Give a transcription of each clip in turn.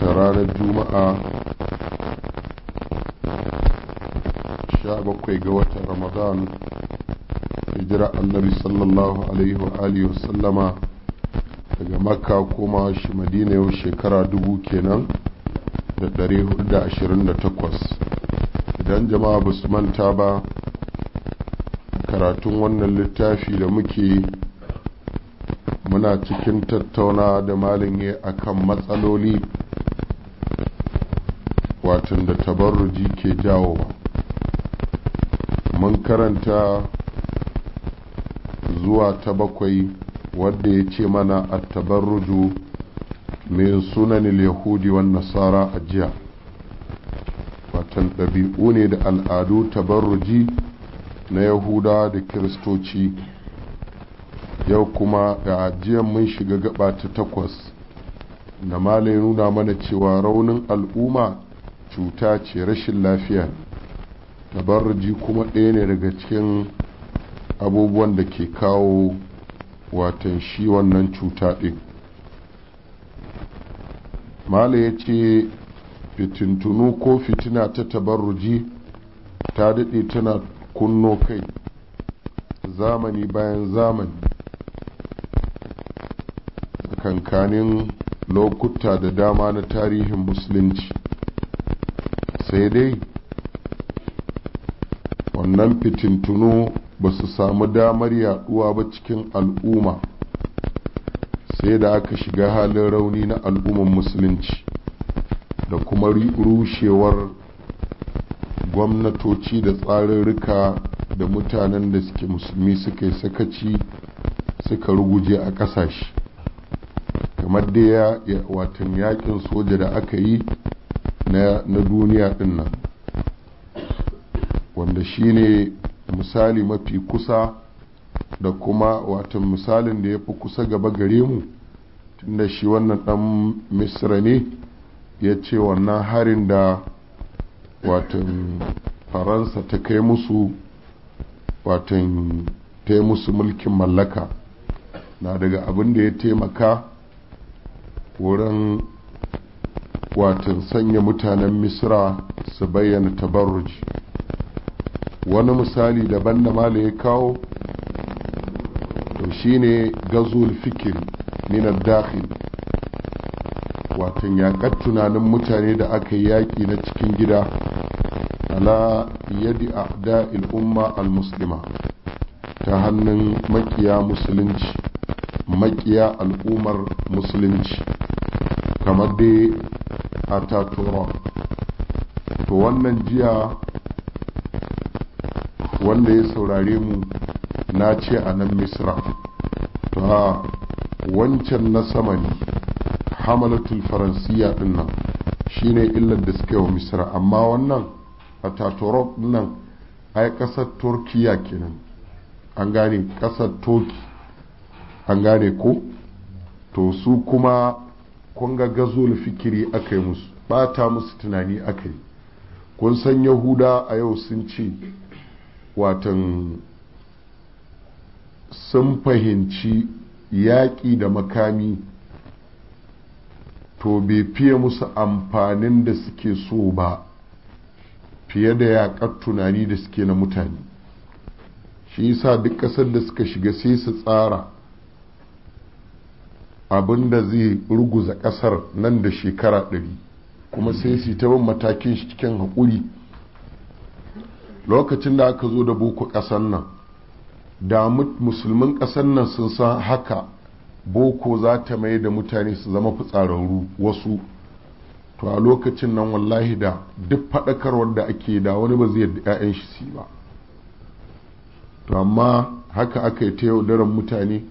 ta ranar juma'a 17 ga watan ramadan hijira annabi sallallahu alaihi wa alihi wasallama daga makka koma shi madina yau shekara dubu kenan da 428 idan jama'a ba su manta ba karatun wannan littafi da muke muna cikin tattauna da malin akan matsaloli akwatin da tabarruji ke jawo ba mun karanta zuwa ta bakwai wadda ya ce mana a tabarruju mai sunanin yahudi wa nasara a jiya watan ɗabi'u ne da al'adu tabarruji na yahuda da kiristoci yau kuma ga ajiyar mun shiga gaba ta takwas da malai nuna mana cewa raunin al'umma cuta ce rashin lafiya tabarruji kuma ɗaya ne daga cikin abubuwan da ke kawo watan shi wannan cuta ɗin mala ya ce fitintunu ko fitina ta tabarruji ta daɗe tana kunno kai zamani bayan zamani kankanin lokuta da dama na tarihin musulunci sai dai wannan fitintunu ba su samu damar yaduwa ba cikin al'umma sai da aka shiga halin rauni na al'umman musulunci da kuma rushewar gwamnatoci da tsarurruka da mutanen da suke musulmi suka yi sakaci suka ruguje a ƙasashe kamar da ya watan yakin soja da aka yi na duniya ɗin nan wanda ne misali mafi kusa da kuma watan misalin da ya fi kusa gaba gare mu tunda shi wannan ɗan misra ne ya ce wannan harin da watan faransa ta kai musu watan ta yi musu mulkin mallaka na daga abin da ya taimaka wurin watan sanya mutanen misra su bayyana tabarruji wani misali daban da mala ya kawo to shine gazul fikir minar dakhil watan yaƙar tunanin mutane da aka yi yaƙi na cikin gida ala yadi a'da umma al-muslima ta hannun makiya musulunci makiya al'ummar musulunci kamar dai a to wannan jiya wanda ya saurare mu na ce a nan misra to ah, wancan na sama ne hamalatul faransiya din nan ne illar da suka yi wa misra amma wannan a taturop nan ai kasar turkiya kenan an gane kasar turki an gane ko to su kuma kun ga gazul fikiri aka yi musu bata musu tunani aka yi kun san yahuda a yau sun ce watan sun fahimci yaƙi da makami to bai fiye musu amfanin da suke so ba fiye da yaƙar tunani da suke na mutane shi yasa duk ƙasar da suka shiga sai su tsara abin da zai ruguza ƙasar nan da shekara ɗari kuma sai su ta bin matakin shi cikin haƙuri lokacin da aka zo da boko ƙasar nan da musulmin ƙasar nan sun san haka boko za ta mai da mutane su zama fitsararru wasu to a lokacin nan wallahi da duk faɗakarwar da ake da wani ba zai yadda 'ya'yan shi ba to amma haka aka yi ta yaudarar mutane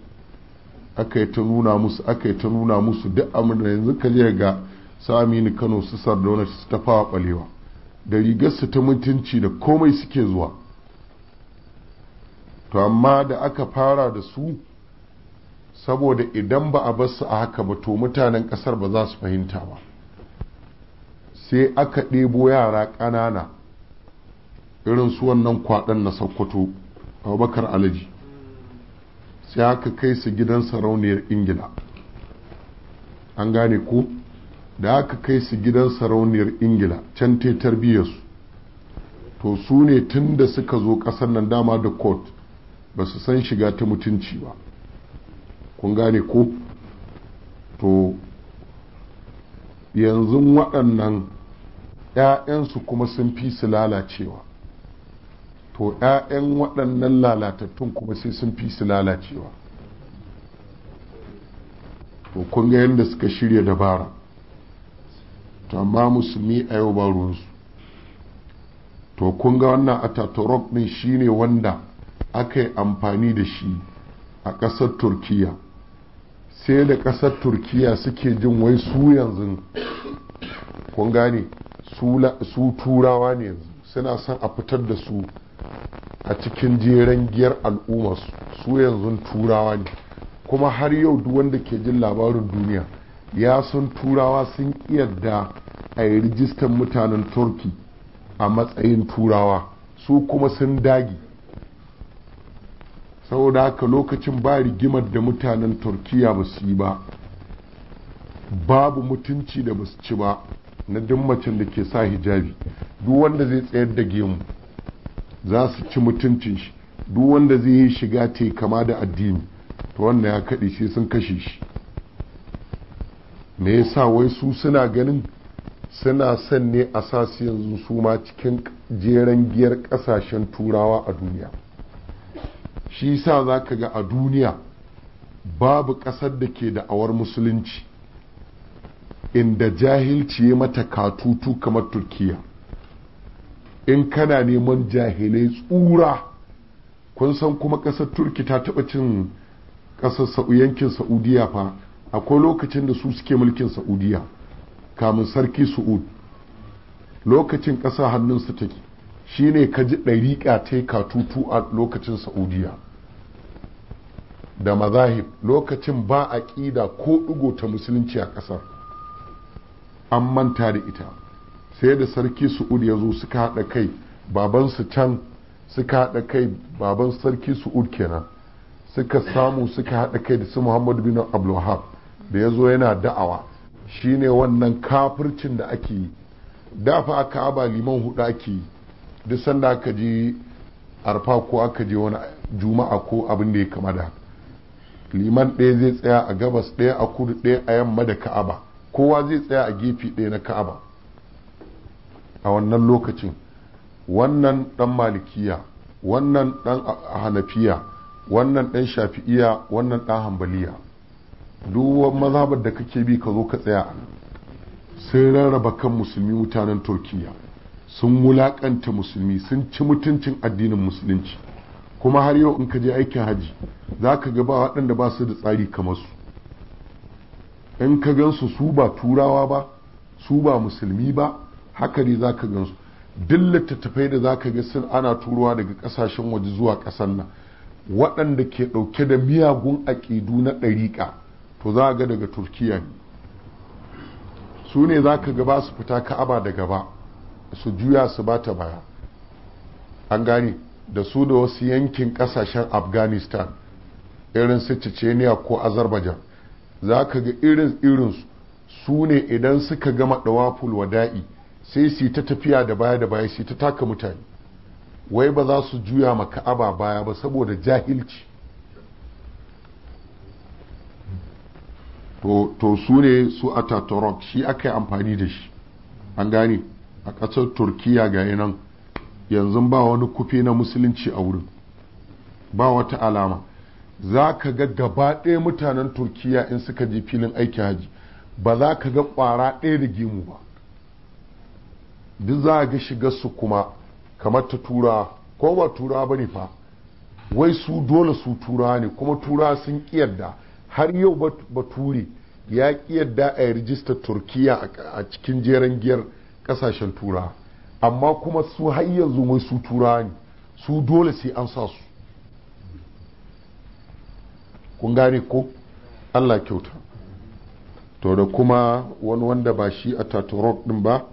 aka yi ta nuna musu aka yi ta nuna musu duk abin da yanzu ka je ga saminu ni kano su sardauna su ta fawa balewa da rigarsu ta mutunci da komai suke zuwa to amma da aka fara da su saboda idan ba a basu a haka ba to mutanen kasar ba za su fahimta ba sai aka ɗebo yara ƙanana irin su wannan kwaɗon na sokoto abubakar alaji sai aka kai su gidan sarauniyar ingila an gane ku da aka kai su gidan sarauniyar ingila can te tarbiyyarsu to su ne tun da suka zo ƙasar nan dama da court ba su san shiga ta mutunci ba kun gane ku to yanzu waɗannan ‘ya'yansu kuma sun fi su lalacewa to 'ya'yan waɗannan lalatattun kuma sai sun fi su lalacewa to kun ga yadda suka shirya dabara to amma musulmi a yau ba ruwansu to kun ga wannan ataturk ɗin shine wanda aka yi amfani da shi a ƙasar turkiya sai da ƙasar turkiya suke jin wai su yanzu kun gane su turawa ne yanzu suna son a fitar da su a cikin jeren giyar al'umma su yanzu turawa ne kuma har yau duk wanda ke jin labarin duniya ya san turawa sun iya da a yi rijistan mutanen turki a matsayin turawa su kuma sun dagi saboda haka lokacin ba rigimar da mutanen turkiya ba su yi ba babu mutunci da ba su ci ba na dimmacin da ke sa hijabi duk wanda zai tsayar da gemu za su ci mutuncin shi duk wanda zai yi shiga te kama da addini to wannan ya kaɗi sai sun kashe shi me yasa wai su suna ganin suna son ne a sasu yanzu su ma cikin jeren giyar ƙasashen turawa a duniya shi sa za ka ga a duniya babu ƙasar da ke da awar musulunci inda jahilci ya mata katutu kamar Turkiyya. in kana neman jahilai tsura kun san kuma ƙasar turki ta taɓa cin ƙasar yankin saudiya fa akwai lokacin da su suke mulkin saudiya kamun sarki su'ud lokacin ƙasar hannunsu take shine ka ji ɗariƙa ta yi katutu a lokacin saudiya da mazahib lokacin ba a aƙida ko ɗigo ta musulunci a ƙasar an manta da ita sai da sarki su'ud ya zo suka haɗa kai babansu can suka haɗa kai baban sarki su'ud kenan suka samu suka haɗa kai da su muhammadu bin abdulwahab da ya zo yana da'awa shine wannan kafircin da ake yi dafa aka aba liman hudu ake yi duk sanda aka ji arfa ko aka je wani juma'a ko abin da ya kama da liman ɗaya zai tsaya a gabas ɗaya a kudu ɗaya a yamma da ka'aba kowa zai tsaya a gefe ɗaya na ka'aba a wannan lokacin wannan ɗan malikiya wannan ɗan hanafiya wannan ɗan shafi'iya wannan ɗan hambaliya duk mazhabar da kake bi ka zo ka tsaya a sun rarraba kan musulmi mutanen turkiya sun wulaƙanta musulmi sun ci mutuncin addinin musulunci kuma har yau in ka je aikin haji za ka ga ba waɗanda ba su da tsari kamar su in ka gansu su ba turawa ba su ba musulmi ba haka ne za ka gansu duk littattafai da za ka ga sun ana turuwa daga kasashen waje zuwa ƙasar nan waɗanda ke ɗauke da miyagun aƙidu na ɗariƙa to za ga daga turkiya su ne za ka gaba su fita ka'aba da gaba su juya su bata baya an gane da su da wasu yankin kasashen afghanistan irin su chechenia ko azerbaijan za ka ga irin irinsu su ne idan suka gama ɗawaful wada'i sai su ta tafiya da baya da baya su ta taka mutane wai ba za su juya ma ka'aba baya ba saboda jahilci to su ne su ataturk shi aka yi amfani da shi an gane a ƙasar turkiya ga nan yanzu ba wani kufe na musulunci a wurin ba wata alama za ka ga gaba ɗaya mutanen turkiya in suka je filin aiki haji ba za ka ga ƙwara ɗaya da gimu ba duk za a ga shiga su kuma kamar ta tura ko ba tura bane fa wai su dole su tura ne kuma tura sun kiyarda har yau bature ya kiyarda a yi rijista turkiya a cikin jeren giyar kasashen tura amma kuma su har yanzu wai su tura ne su dole sai an sa su kun gane ko allah kyauta to da kuma wani wanda ba shi a tatorok din ba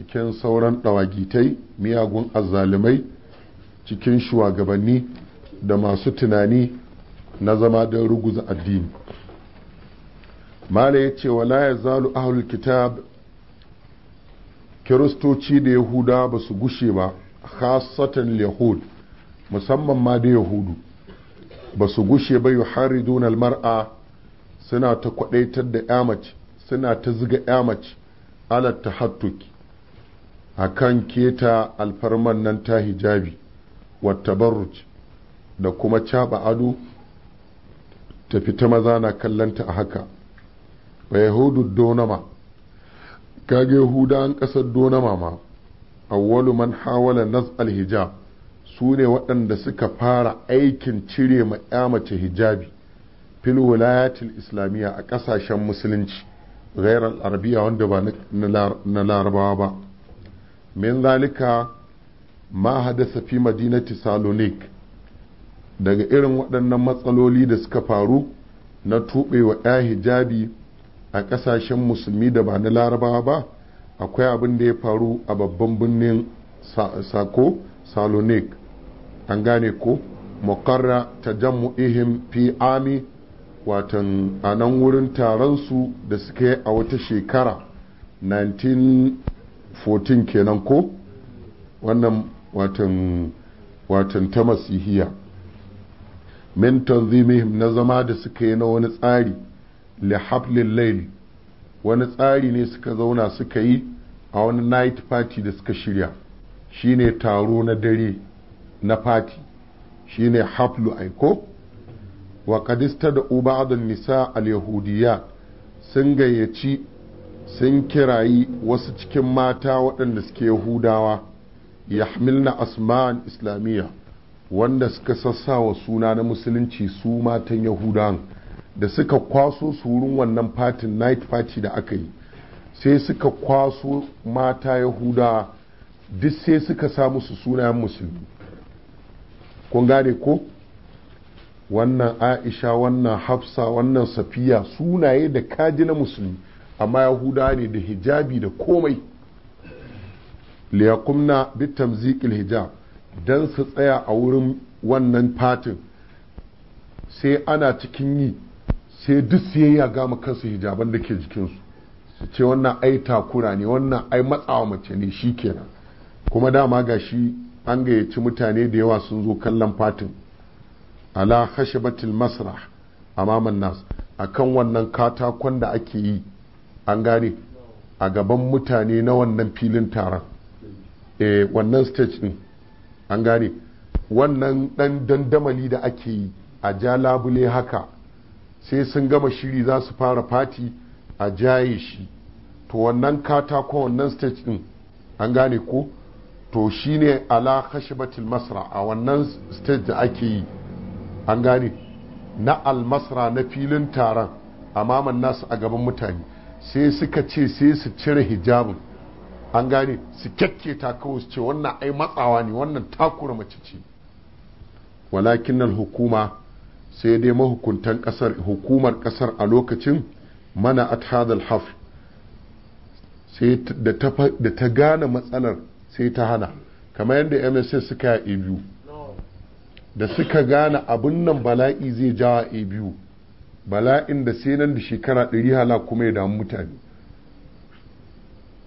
cikin sauran ɗawagitai miyagun azzalumai cikin shugabanni da masu tunani na zama don ruguza addini mala ya ce wala ya zalu ahul kitab kiristoci da yahuda ba su gushe ba khasatan yahud musamman ma da yahudu ba su gushe ba yi haridun mara suna ta kwadaitar da yamaci suna ta ziga yamaci alat hattuki a kan keta alfarman nan ta hijabi wata da kuma caɓa ado ta fita maza na kallanta a haka ba yahudu donama kage yahudan ƙasar donama ma awwalu man hawala nas alhijab su ne waɗanda suka fara aikin cire ma ya mace hijabi fil wilayatil islamiyya a ƙasashen musulunci gairar arabiya wanda ba na larabawa ba min zalika ma hadasa fi madinati salonik daga irin waɗannan matsaloli da suka faru na tuɓewa ya hijabi a ƙasashen musulmi da ba na larabawa ba akwai abin da ya faru a babban birnin sako salonik an gane ko muqarra tajammu'ihim fi ami watan a nan wurin taron su da suka yi a wata shekara 19 14 kenan ko wannan watan watan ta masihiya min tanzimihim na zama da suka yi na wani tsari li hablil layl wani tsari ne suka zauna suka yi a wani night party da suka shirya shine taro na dare na party shine haflu aiko wa qadista da nisa al-yahudiyya sun gayyaci sun kirayi wasu cikin mata waɗanda suke yahudawa ya hamilna asma'an islamiyya wanda suka sassa wa suna na musulunci su matan yahudawan da suka kwaso surun wannan fatin night party da aka yi sai suka kwaso mata yahuda duk sai suka sa musu sunayen musulmi kun gane ko wannan aisha wannan hafsa wannan safiya sunaye da kaji na musulmi amma yahuda ne da hijabi da komai liyakumna bitamzikil hijab don su tsaya a wurin wannan fatin sai ana cikin yi sai duk siyayya gama kansu hijaban da ke jikinsu su ce wannan ai takura ne wannan ai matsawa mace ne shi kenan kuma dama gashi shi an gayyaci mutane da yawa sun zo kallon fatin ala khashabatil masrah amaman nas akan wannan katakon da ake yi an gane a gaban mutane na wannan filin taron e wannan stage ne an gane wannan dan dandamali da ake yi a ja labule haka sai sun gama shiri za su fara fati a jaye shi to wannan katako wannan stage din an gane ko to shine ala khashbatil masra a wannan stage da ake yi an gane na almasra na filin taron amaman nasu a gaban mutane sai suka ce sai su cire hijabin an gane su kyakke ta kawai su ce wannan ai matsawa ne wannan takura mace ce walakin nan hukuma sai dai mahukuntan kasar hukumar kasar a lokacin mana at hadal haf sai da ta gane matsalar sai ta hana kamar yadda msa suka yi a da suka gane abin nan bala'i zai jawa a biyu bala'in da sai nan da shekara ɗari hala kuma ya damu mutane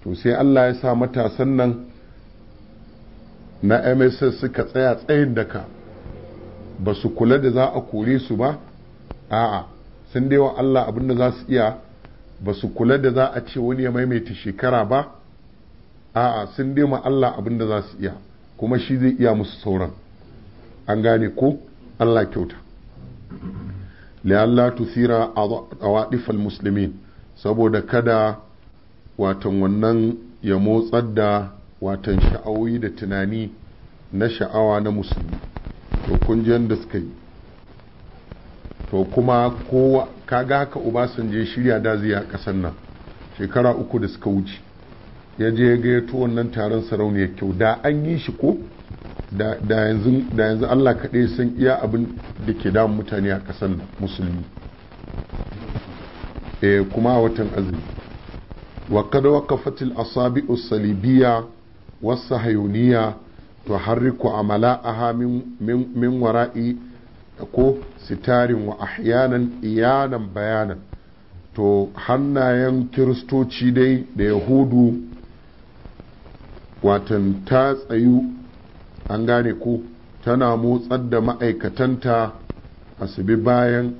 to sai allah ya sa matasan nan na mss suka tsaya tsayin daka ba su kula da za a kore su ba a'a sun wa allah abinda za su iya ba su kula da za a ce wani ya maimaita shekara ba a'a sun ma allah abinda za su iya kuma shi zai iya musu sauran an gane ko allah kyauta la tuthira awadif musulmi saboda kada watan wannan ya motsar da watan sha'awoyi da tunani na sha'awa na musulmi to kun ji yadda suka yi to kuma kowa kaga haka san ya shirya da zai a ƙasar nan shekara uku da suka wuce ya je ya gayyato wannan taron sarauniya kyau da an yi shi ko da yanzu Allah kaɗai san iya abin da ke damun mutane a ƙasar musulmi e kuma a watan azumi wa kada waqafatil asabi'u salibiyya was sahayuniyya tuharriku a min min wara'i ko sitarin wa ahyanan iyanan bayanan to hannayen kiristoci dai da yahudu watan ta tsayu an gane ku tana motsar da ma'aikatanta a su bayan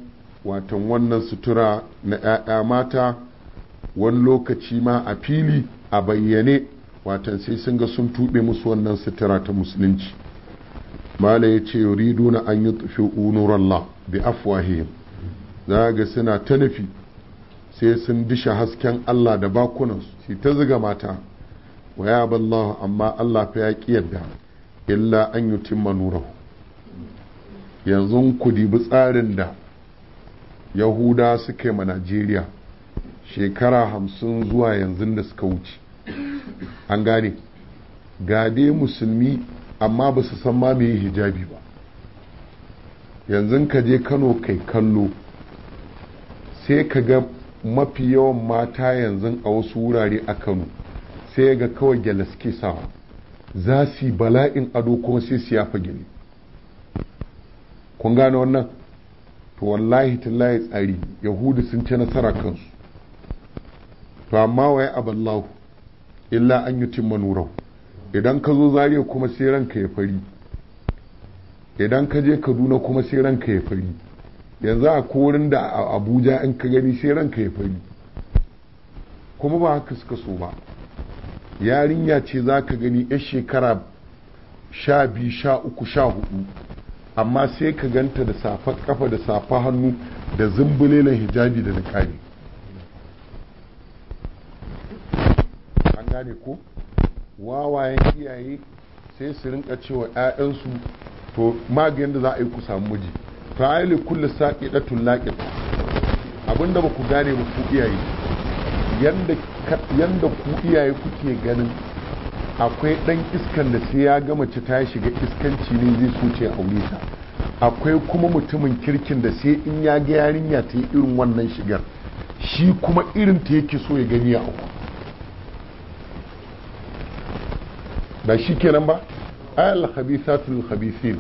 watan wannan sutura na 'ya'ya mata wani lokaci ma a fili a bayyane watan sai sun ga sun tuɓe musu wannan sutura ta musulunci mala ya ce na an yi tufi unurallah bi afwahihim za ga suna ta nufi sai sun dishe hasken Allah da bakunansu su ta ziga mata wa ya amma Allah fa ya ƙi yadda illa an yutimma nurahu yanzu ku dibi tsarin da yahuda suka yi ma najeriya shekara hamsin zuwa yanzu da suka wuce an gane gade musulmi amma ba su san ma yi hijabi ba yanzu ka je kano kai kallo sai ka ga mafi yawan mata yanzu a wasu wurare a kano sai ga kawai gyalaske sawa za su yi bala'in ado kuma sai su yafa gini kun gane wannan to wallahi tallahi tsari yahudu sun ce nasara kansu to amma waye aballahu illa an yi timma idan ka zo zariya kuma sai ranka ya fari idan ka je kaduna kuma sai ranka ya fari yanzu a korin da abuja in ka gani sai ranka ya fari kuma ba haka suka so ba yarinya ce za ka gani 'yar shekara sha biyu sha uku sha hudu amma sai ka ganta da safa kafa da safa hannu da na hijabi da niƙari an gane ko wawayen iyaye sai su rinka cewa 'ya'yansu to maganin da za a yi ku samu miji fa'ili kullu saqidatun laƙin. abinda ba ku gane ba ku iyaye yadda ku iyaye kuke ganin akwai dan iskan da sai ya gama ci ta shiga iskanci ne zai so ce aure ta akwai kuma mutumin kirkin da sai in ya ga yarinya ta yi irin wannan shigar shi kuma irin ta yake so ya gani a uku ba shi kenan ba ayal khabithatu lil khabithin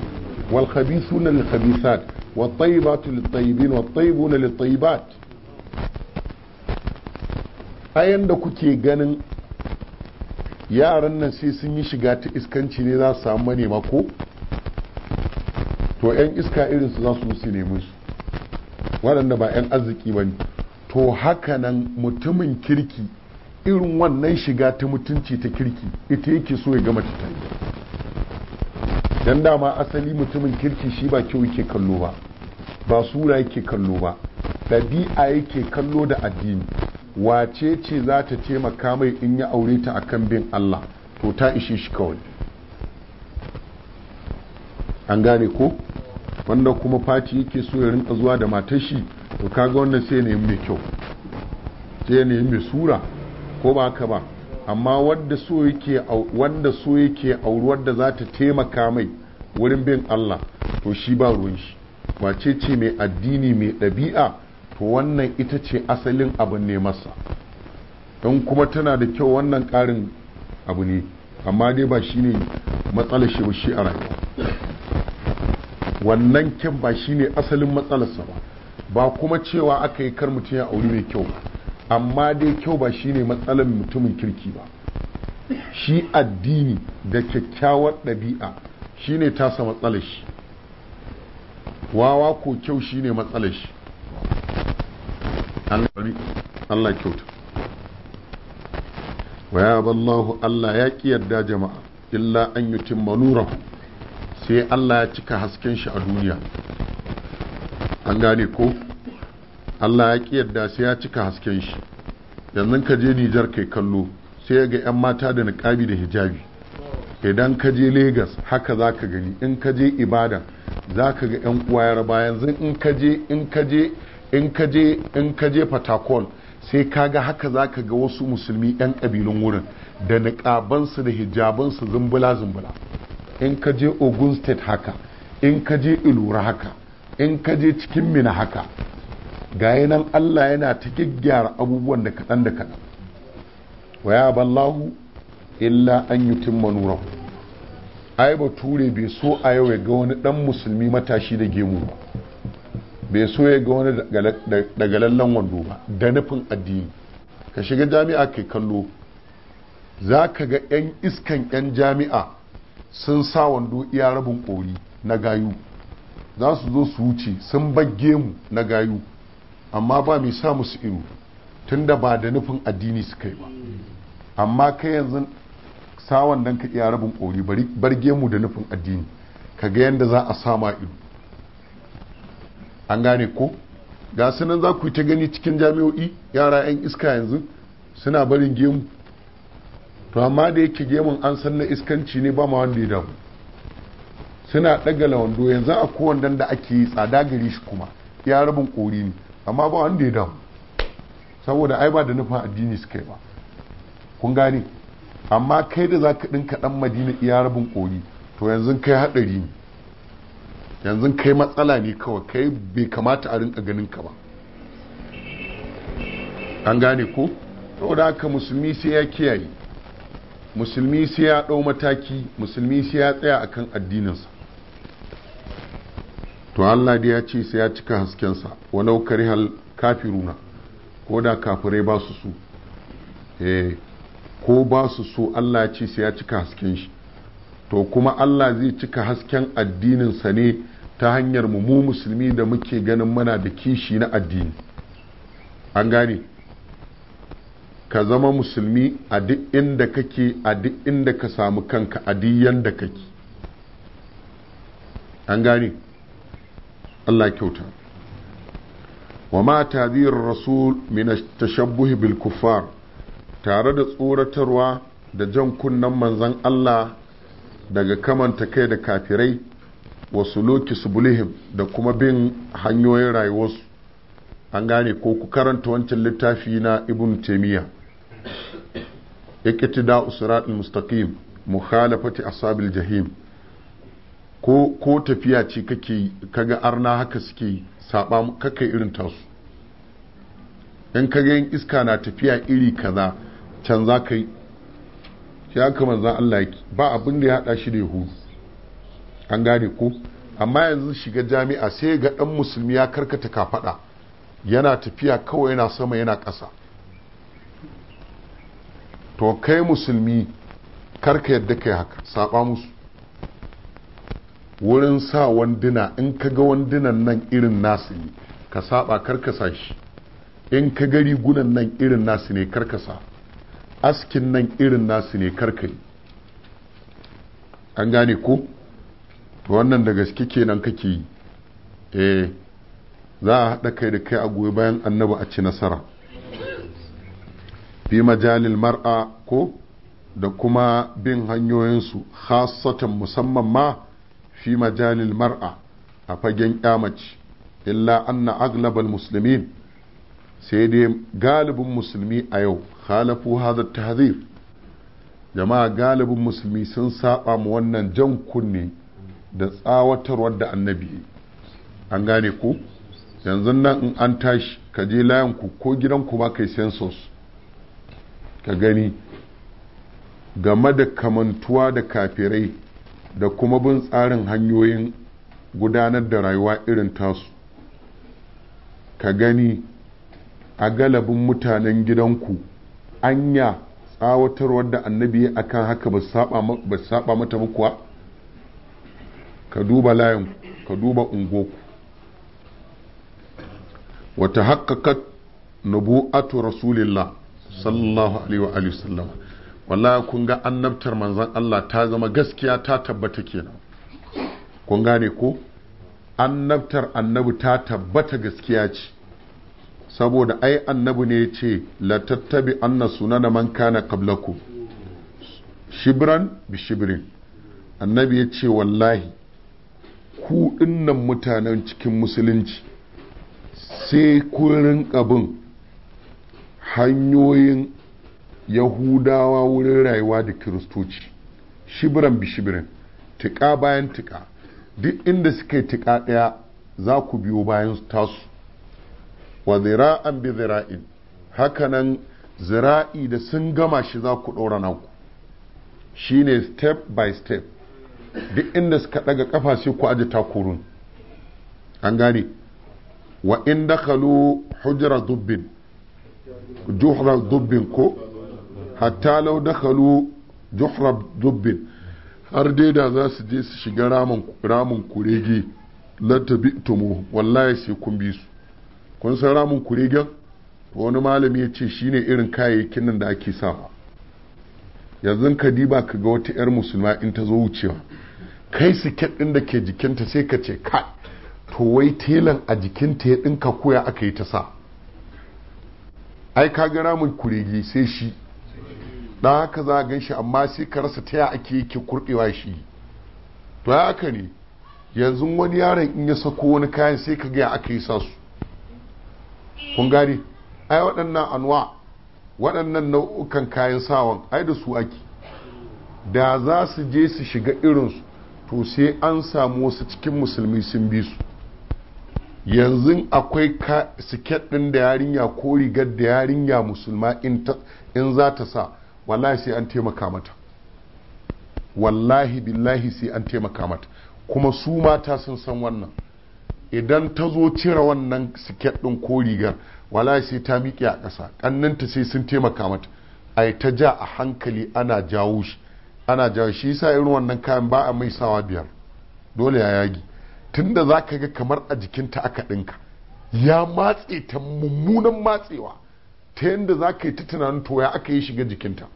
wal khabithuna lil khabithat wat tayyibatu lit tayyibin wat tayyibuna lit tayyibat a da kuke ganin yaran nan sai sun yi shiga ta iskanci ne za su samu manema ko to 'yan iska irinsu za su musu nemi su waɗanda ba 'yan arziki ba ne to haka nan mutumin kirki irin wannan shiga ta mutunci ta kirki ita yake so ya gama ta tayi don dama asali mutumin kirki shi ba kyau yake kallo ba ba sura yake kallo ba ɗabi'a yake kallo da addini wace ce za ta taimaka mai in ya aure ta akan bin Allah to ta ishe shi kawai an gane ko wanda kuma fati yake so ya rinka zuwa da matar shi to kaga wannan sai ne mai kyau sai ne mai sura ko ba haka ba amma wanda so yake wanda so yake da za ta taimaka mai wurin bin Allah to shi ba ruwan shi wace ce mai addini mai ɗabi'a to wannan ita ce asalin abin masa don kuma tana da kyau wannan karin abu ne amma dai ba shi ne matsalar shi ba shi a rayuwa wannan kyan ba shi ne asalin matsalarsa ba ba kuma cewa aka yi kar mutum ya auri mai kyau amma dai kyau ba shi ne matsalar mutumin kirki ba shi addini da kyakkyawar ɗabi'a shi ne tasa matsalar shi wawa ko kyau shi ne matsalar shi Allah kyauta wa ya ballahu Allah ya ki yarda jama'a illa an yutimma nurahu sai Allah ya cika hasken shi a duniya an gane ko Allah ya ki yarda sai ya cika hasken shi yanzu ka je Nijar kai kallo sai ga 'yan mata da niƙabi da hijabi idan ka je Legas haka za ka gani in ka je Ibadan za ka ga 'yan uwa yara bayan in ka je in ka je in ka je in ka je fatakol sai kaga haka zaka ga wasu musulmi yan kabilun wurin da niƙabansu da hijabansu zumbula zumbula in ka je ogun state haka in ka je ilura haka in ka je cikin mina haka ga nan allah yana ta gyaggyara abubuwan da kaɗan da kaɗan wa ya ballahu illa an yi timma ai bature bai so a yau ya ga wani dan musulmi matashi da gemu ba bai so ya ga wani daga lallan wando ba da nufin addini ka shiga jami'a kai kallo za ka ga 'yan iskan 'yan jami'a sun sa wando iya rabin kori na gayu za su zo su wuce sun bagge mu na gayu amma ba mai sa musu iru da ba da nufin addini su kai ba amma kai yanzu sa dan ka iya rabin kori barge mu da nufin addini ka ga yadda za a sama ido an gane ko ga sunan za ku ta gani cikin jami'o'i yara 'yan iska yanzu suna barin gemu to amma da yake gemun an san na iskanci ne ba ma wanda ya damu suna ɗaga lawando yanzu a kowandan da ake yi tsada gari shi kuma ya rabin ƙori ne amma ba wanda ya damu saboda ai ba da nufin addini suka yi ba kun gane amma kai da za ka ɗinka ɗan madina iya rabin ƙori to yanzu kai haɗari ne yanzu kai matsala ne kawai kai bai kamata a rinka ganin ka ba an gane ko saboda haka musulmi sai ya kiyaye musulmi sai ya dau mataki musulmi sai ya tsaya akan addininsa to Allah da ya ce sai ya cika haskensa walau karihal kafiruna ko da kafirai ba su so eh ko ba su so Allah ya ce sai ya cika hasken shi to kuma Allah zai cika hasken addininsa ne ta hanyar mu mu musulmi da muke ganin mana da kishi na addini an gane ka zama musulmi a duk inda kake a duk inda ka samu kanka a duk yanda kake an gane Allah kyauta wa ma tazir rasul min tashabbuh bil kuffar tare da tsoratarwa da jan kunnen manzan Allah daga kamanta kai da kafirai wasu loki subulihim da kuma bin hanyoyin rayuwarsu an gane ko ku karanta wancan littafi na ibn taimiyya iqtida usrat mustaqim mukhalafati ashabil jahim ko ko tafiya ce kake kaga arna haka suke saba kakai irin tasu in kaga yin iska na tafiya iri kaza can za ka yi ya kamar za Allah ba abin da ya hada shi da yahudu an gane ko amma yanzu shiga jami'a sai ga dan musulmi ya karkata kafada yana tafiya kawai yana sama yana ƙasa to kai musulmi karka yadda kai haka saba musu wurin sa wanduna in ka ga wandunan nan irin nasu ne ka saba karkasa shi in ka ga rigunan nan irin nasu ne karkasa askin nan irin nasu ne karkai an gane ko to wannan da gaske kenan kake yi eh za a haɗa kai da kai a goyi bayan annabi a ci nasara fi majalil mar'a ko da kuma bin hanyoyinsu hasatan musamman ma fi majalil mar'a a fagen mace illa anna aglabal musulmin sai dai galibin musulmi a yau khalafu ta tahzir jama'a galibin musulmi sun saba mu wannan jan kunne da tsawatarwar da annabi an gane ku yanzu nan in an tashi ka je layanku ko gidanku ma kai sensus ka gani game da kamantuwa da kafirai da kuma bin tsarin hanyoyin gudanar da rayuwa irin tasu ka gani a galabin mutanen gidanku anya tsawatarwar da annabi akan haka ba saba mata ba kuwa ka duba layin ka duba ungoku wata haƙaƙat nubu'atu rasulillah sallallahu alaihi wa alihi sallam wallahi kun ga annabtar manzon Allah ta zama gaskiya ta tabbata kenan kun gane ko annabtar annabi ta tabbata gaskiya ce saboda ai annabi ne ce la tattabi anna sunana man kana qablakum shibran bi shibrin annabi ya ce wallahi ku dinnan mutanen cikin musulunci sai kurin bin hanyoyin yahudawa wurin rayuwa da kiristoci shibiran shibiran tuka bayan tuka duk inda suka yi tuka ɗaya za ku biyo bayan tasu wa zira'an bi zira'in hakanan zira'i da sun gama shi za ku ɗora naku ne step by step duk inda suka daga kafa sai ku aje takurun an gane wa in dakhalu hujra dubbin juhra dubbin ko hatta law dakhalu juhra dubbin har dai da za su je su shiga ramin kurege latabi'tumu wallahi sai kun bi su kun san ramin kuregen wani malami ya ce shine irin kayayyakin nan da ake sawa yanzu ka diba ka ga wata 'yar musulma in ta zo wucewa kai siket ɗin da ke jikinta sai ka ce ka to wai telan a jikinta ya ɗinka koya aka yi ta sa ai ka ga mai kuregi sai shi ɗan haka za a gan shi amma sai ka rasa ta ya ake yake kurɗewa shi to ya haka ne yanzu wani yaron in ya sako wani kayan sai ka gaya aka yi sa su kun ai waɗannan anwa waɗannan nau'ukan kayan sawan ai da su ake da za su je su shiga irinsu to sai an samu wasu cikin musulmi sun bi su yanzu akwai siket ɗin da yarinya ko rigar da yarinya musulma in za ta sa wallahi sai an taimaka mata wallahi billahi sai an taimaka mata kuma su mata sun san wannan idan ta zo cire wannan siket ɗin ko rigar wala sai ta miƙe a ƙasa ƙannanta sai sun taimaka mata ai ta ja a hankali ana jawo shi ana jawo shi yasa irin wannan kayan ba a mai sawa biyar dole ya yagi tunda za ka ga kamar a jikinta aka ɗinka ya matse ta mummunan matsewa ta yadda za ka yi ta tunanin to ya aka yi shiga jikinta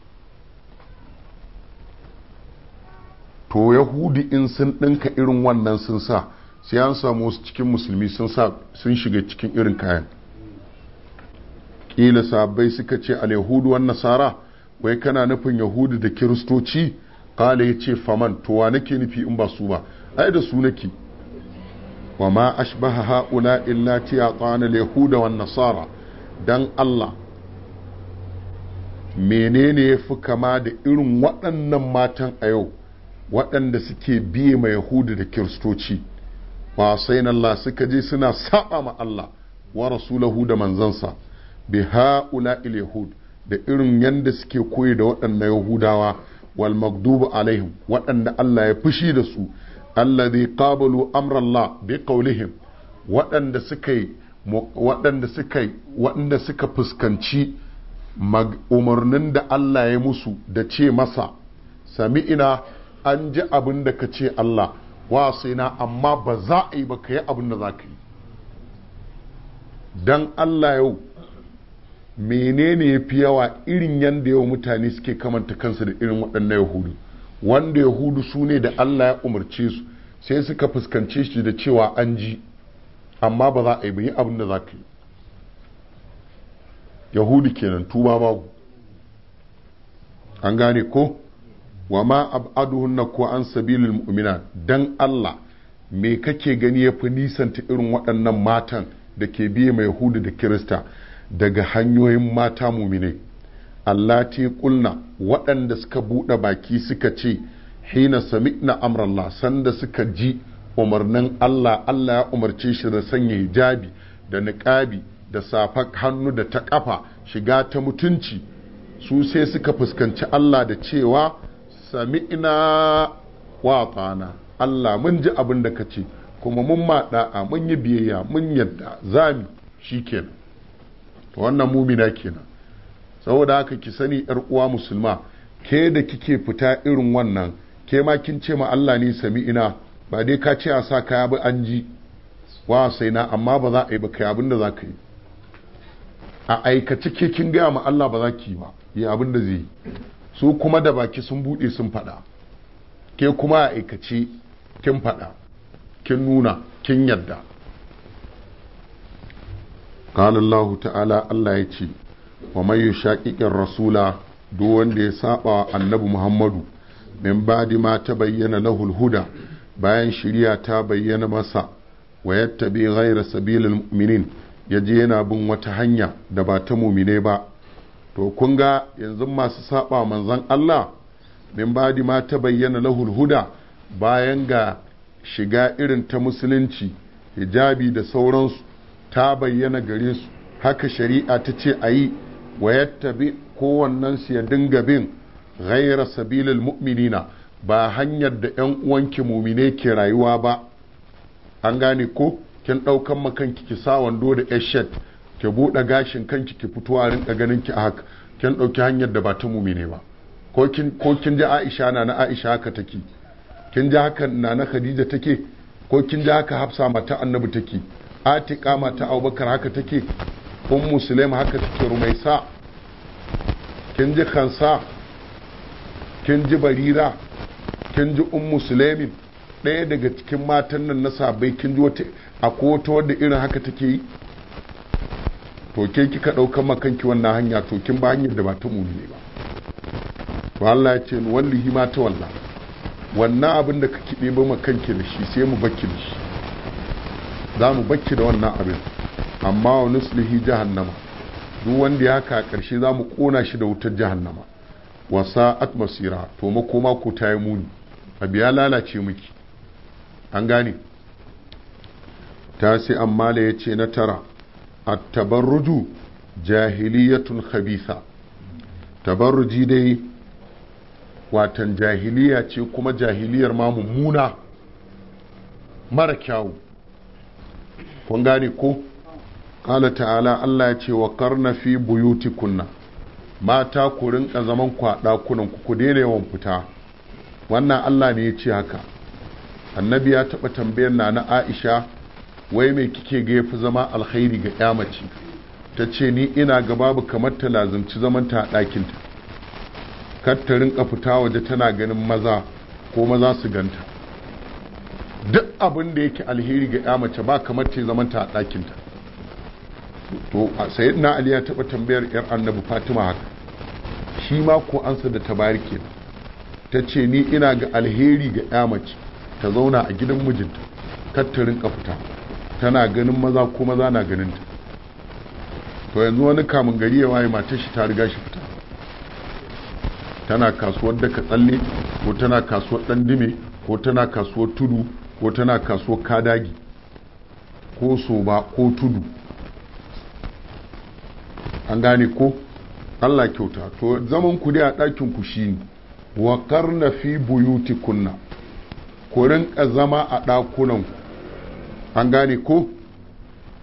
to yahudi in sun ɗinka irin wannan sun sa sai an samu wasu cikin musulmi sun shiga cikin irin kayan kila sahabbai suka ce al yahudu wan nasara wai kana nufin yahudu da kiristoci kala ya ce faman to wa nake nufi in ba su ba ai da su nake wa ma ashbaha haula illa tiyatana al yahuda wan nasara dan Allah menene ya fi kama da irin waɗannan matan a yau waɗanda suke biye ma yahudu da kiristoci sai Allah suka je suna saba ma Allah wa rasulahu da manzansa bi ha'ula il da irin yanda suke koyi da waɗannan yahudawa wal magdubu alaihim waɗanda Allah ya fushi da su alladhi qabalu amra Allah bi qawlihim waɗanda suka waɗanda suka waɗanda suka fuskanci umarnin da Allah ya musu da ce masa sami'ina an ji abin da ka ce Allah sina amma ba za a yi ba ka yi abin da za ka yi don Allah yau menene ya fi yawa irin yadda yawa mutane suke kamanta kansu da irin waɗannan yahudu wanda yahudu su ne da allah ya umarce su sai suka fuskance shi da cewa an ji amma ba za a yi bayi abin da za ka yi yahudu kenan tuba babu an gane ko wa ma ab'aduhunna ko an sabilul mu'mina dan allah me kake gani ya fi nisanta irin waɗannan matan da ke biye mai yahudu da kirista daga hanyoyin mata mumine allati kulna waɗanda suka buɗe baki suka ce hina sami'na amrallah sanda suka ji umarnin Allah Allah ya umarce shi da sanya hijabi da niƙabi da safa hannu da ta ƙafa shiga ta mutunci su sai suka fuskanci Allah da cewa sami'na fana Allah mun ji abin da ka ce kuma mun maɗa mun yi biyayya mun yadda zami shikenan wannan mumina kenan saboda haka ki sani yar uwa musulma ke da kike fita irin wannan ke ma kin ce ma Allah ne ina ba dai ka ce a sa kaya ba an ji wa sai na amma ba za a yi ba kai abin za ka yi a aikace ke kin gaya ma Allah ba za ki ba yi abin zai su kuma da baki sun buɗe sun faɗa ke kuma a aikace kin faɗa kin nuna kin yadda ƙalallahu ta'ala Allah ya ce wa mai shaƙiƙin rasula duk wanda ya saba annabi muhammadu min badi ma ta bayyana lahul bayan shirya ta bayyana masa wa yattabi ghaira sabilil mu'minin ya je yana bin wata hanya da ba ta mumine ba to kun ga yanzu masu saba manzon Allah min badi ma ta bayyana lahul huda bayan ga shiga irin ta musulunci hijabi da sauransu ta bayyana gare su haka shari'a ta ce a yi wa yadda kowannen su ya dinga bin ghaira sabilil mu'minina ba hanyar da yan uwanki mumine ke rayuwa ba an gane ko kin daukan makan ki sa wando da eshet ki buɗe gashin kanki ki fito a rinka ganin ki a haka kin ɗauki hanyar da ba ta mumine ba ko kin ko kin ji Aisha na na Aisha haka take kin ji haka na na Khadija take ko kin ji haka Hafsa mata Annabi take atika mata abubakar haka take ummu sulaim haka take rumaisa kin ji kansa kin ji barira kin ji un musulmin. ɗaya daga cikin matan nan na sabai kin ji wata a wadda irin haka take yi to ke kika ɗaukar makanki wannan hanya to kin ba hanyar da ba ta muni ne ba to Allah ya ce wallahi ma ta walla wannan abin da ka kiɗe ba makanki da shi sai mu bakki da shi za mu bacci da wannan abin amma wa nuslihi jahannama duk wanda ya ka ƙarshe za mu ƙona shi da wutar jahannama wasa atmasira to makoma ko ta yi muni abu ya lalace miki an gane ta sai ya ce na tara a tabarruju jahiliyatun khabitha tabarruji dai watan jahiliya ce kuma jahiliyar ma mummuna mara kyawu kun gane ko Kala ta'ala Allah ya ce wa karna fi buyuti kunna mata ku rinka zaman ku a ɗakunan ku ku daina yawan fita wannan Allah ne ya ce haka annabi ya taɓa tambayar na Aisha wai me kike ga yafi zama alkhairi ga ya mace ta ce ni ina ga babu kamar ta lazimci zaman ta a ɗakinta kar ta rinka fita waje tana ganin maza ko maza su ganta duk abin da yake alheri ga ya mace ba kamar ce zamanta a ɗakinta to na ali ya taɓa tambayar yar annabu fatima haka shi ma ko ansa da tabarike ta ce ni ina ga alheri ga ya mace ta zauna a gidan mijinta kattarin kafuta tana ganin maza ko maza na ganin ta to yanzu wani kamun gari ya waye matar shi ta riga shi fita tana kasuwar daka tsalle ko tana kasuwar dandime ko tana kasuwar tudu ko tana kaso kadagi ko soba ko tudu an gane ko allah kyauta to zaman ku dai a ɗakin ku shi ne wa karna fi buyuti kunna ku rinka zama a ɗakunan ku an gane ko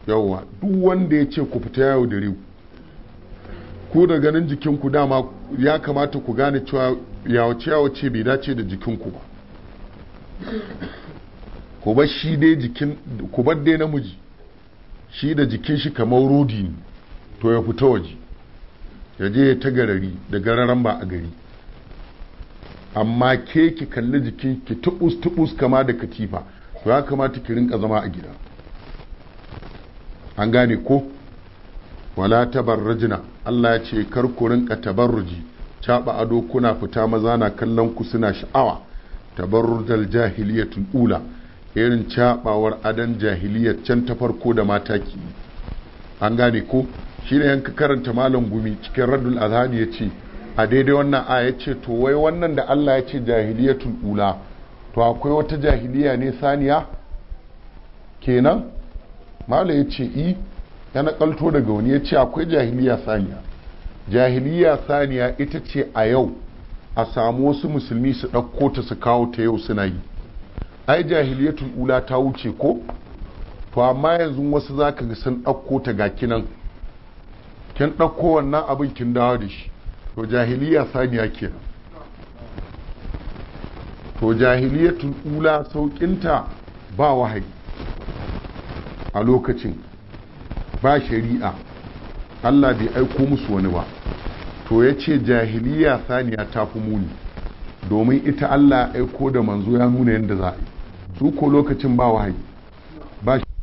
yawwa duk wanda ya ce ku fita yau da riu ku da ganin jikinku dama ya kamata ku gane cewa yawace yawace bai dace da jikinku ba ku bar shi dai namiji shi da jikin shi kamar rudi ne to ya fita waje ya je ta garari da gararan ba a gari amma ke ki kalli jikin ki tubus tubus kama da katifa to ya kamata ki rinka zama a gida an gane ko wala tabarrajina Allah ya ce kar ku rinka tabarruji caba ado kuna fita maza na kallon ku suna sha'awa tabarrujal jahiliyatul ula irin cabawar adan jahiliya can ta farko da mata ki an gane ko shi ne yanka karanta malam gumi cikin radul azhari ya ce a daidai wannan a ya ce to wai wannan da allah ya ce jahiliyatul ula to akwai wata jahiliya ne saniya kenan mala ya ce i eh, ya nakalto daga wani ya ce akwai jahiliya saniya jahiliya saniya ita ce a yau a samu wasu musulmi su ɗauko ta su kawo ta yau suna yi ai jahiliyatul ula ta wuce ko to amma yanzu wasu za ka ga san ɗauko ta ga kinan kin ɗauko wannan abin kin dawo da shi to jahiliya saniya kenan to jahiliyatul ula sauƙinta ba wahayi a lokacin ba shari'a Allah bai aiko musu wani ba to ya ce jahiliya saniya ta fi muni domin ita Allah ya aiko da manzo ya nuna yadda za yi su ko lokacin ba wahayi ba